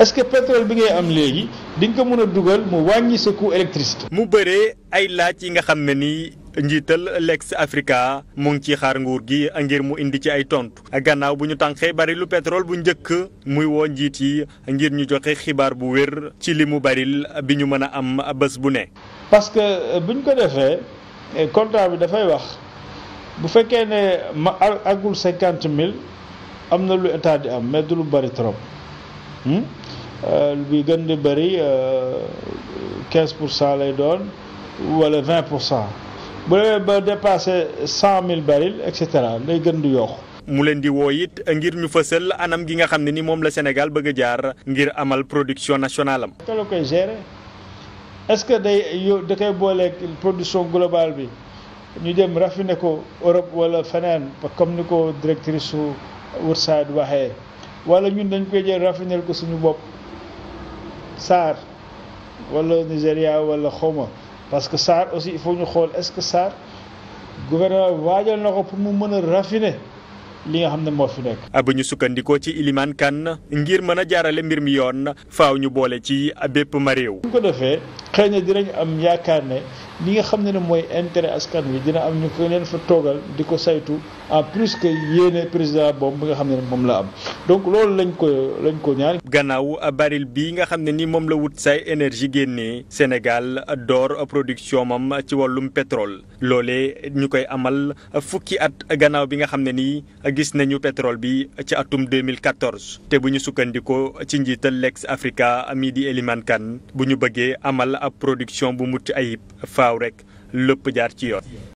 est-ce que pétrole bi ngay am léegi di ko mën a dugal mu wàññi sa coût électricité. mu bëree ay laaj yi nga xam ne nii njiital Legs Africa mu ngi ciy xaar nguur gi ngir mu indi ci ay tontu gannaaw bu ñu tànqee bari lu pétrole bu njëkk muy woo njiit yi ngir ñu joxe xibaar bu wér ci li mu baril bi ñu mën a am bés bu ne. parce que euh, bu ñu ko defee euh, contrat bi dafay wax bu fekkee ne ma àggul cinquante mille am na lu état di am mais du lu bari trop. Hmm? Euh, bi gën di bëri euh, quinze pour cent lay doon wala 20 pour cent bu ba dépassé 100 000 baril et cetera day gën di yokku. mu leen di woo it ngir ñu fësal anam gi nga xam ne ni moom la Sénégal bëgg jaar ngir amal production nationale am. naka la koy gérer est-ce que day yow da koy booleeg production globale bi ñu dem rafi ne ko Europe wala feneen comme ni ko directrice su Woodside waxee. wala ñun dañ koy jël raffinel ko suñu bopp SAR wala Nigéria wala xawma parce que SAR aussi il faut ñu xool est-ce que SAR gouvernement bi waajal na ko pour mu mën a raffiner li nga xam ne moo fi nekk. Ah, ba ñu sukkandikoo ci Iliman Kane ngir mën a jaarale mbir mi yoon faaw ñu boole ci bépp ma réew. bu ko defee xëy na dinañ am yaakaar ne. li nga xam ne ne mooy intérêt askan wi dina am ñu ko leen fa toogal di ko saytu en plus que yéene président boobu bi nga xam ne ne moom la am donc loolu lañ ko lañ ko ñaan. gannaaw baril bi nga xam ne ni moom la wut say énergie génne Sénégal door production moom ci wàllum pétrole loolee ñu koy amal fukki at gannaaw bi nga xam ne nii gis nañu pétrole bi ci atum 2014 te bu ñu sukkandikoo ci njiital Legs Africa mii di Eliman Kane bu ñu bëggee amal ab production bu mucc ayib gaaw rek lépp jaar ci yoon.